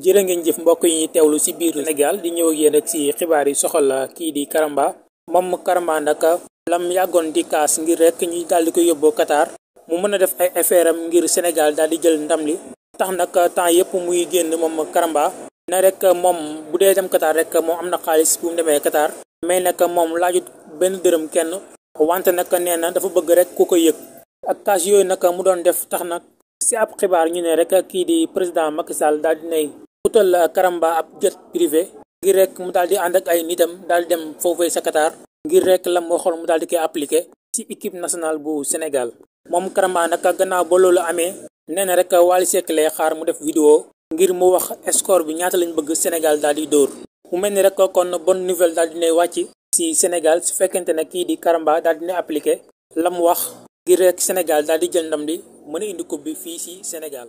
jërë ngeen jëf mbokk yi teewlu si biir Sénégal di ñëw ak ci xibaar yi soxal kii di Karamba moom Karamba nag lam yàggoon di kaas ngir rek ñu daal di ko yóbboo katar mu mën a def ay affaire am ngir Sénégal daal di jël ndam li tax nag temps yëpp muy génn moom Karamba na rek moom bu dee dem Qatar rek moom am na xaalis bu mu demee Qatar mais nag moom laajut benn dërëm kenn wante nag nee na dafa bëgg rek ku ko yëg ak kaas yooyu nag mu doon def tax nag si xibaar ñu ne rek kii di président Macky Sall daal di nay utal euh, karamba ab jet privé ngir rek mu daal di ànd ak ay nitam di dem foofu sa Qatar ngir la lam waxoon mu daal di koy appliqué ci équipe national bu Sénégal moom karamba nag gannaaw ba loolu amee nee na rek Wally Seck xaar mu def vidéo ngir mu wax score bi ñaata lañ bëgg Sénégal daal di dóor mu mel ni rek kon bonne nouvelle daal dinay wàcc ci Sénégal su fekkente ne kii di karamba daal dina la mu wax ngir rek Sénégal daal di jël ndam di mën a indi coupe fii ci Sénégal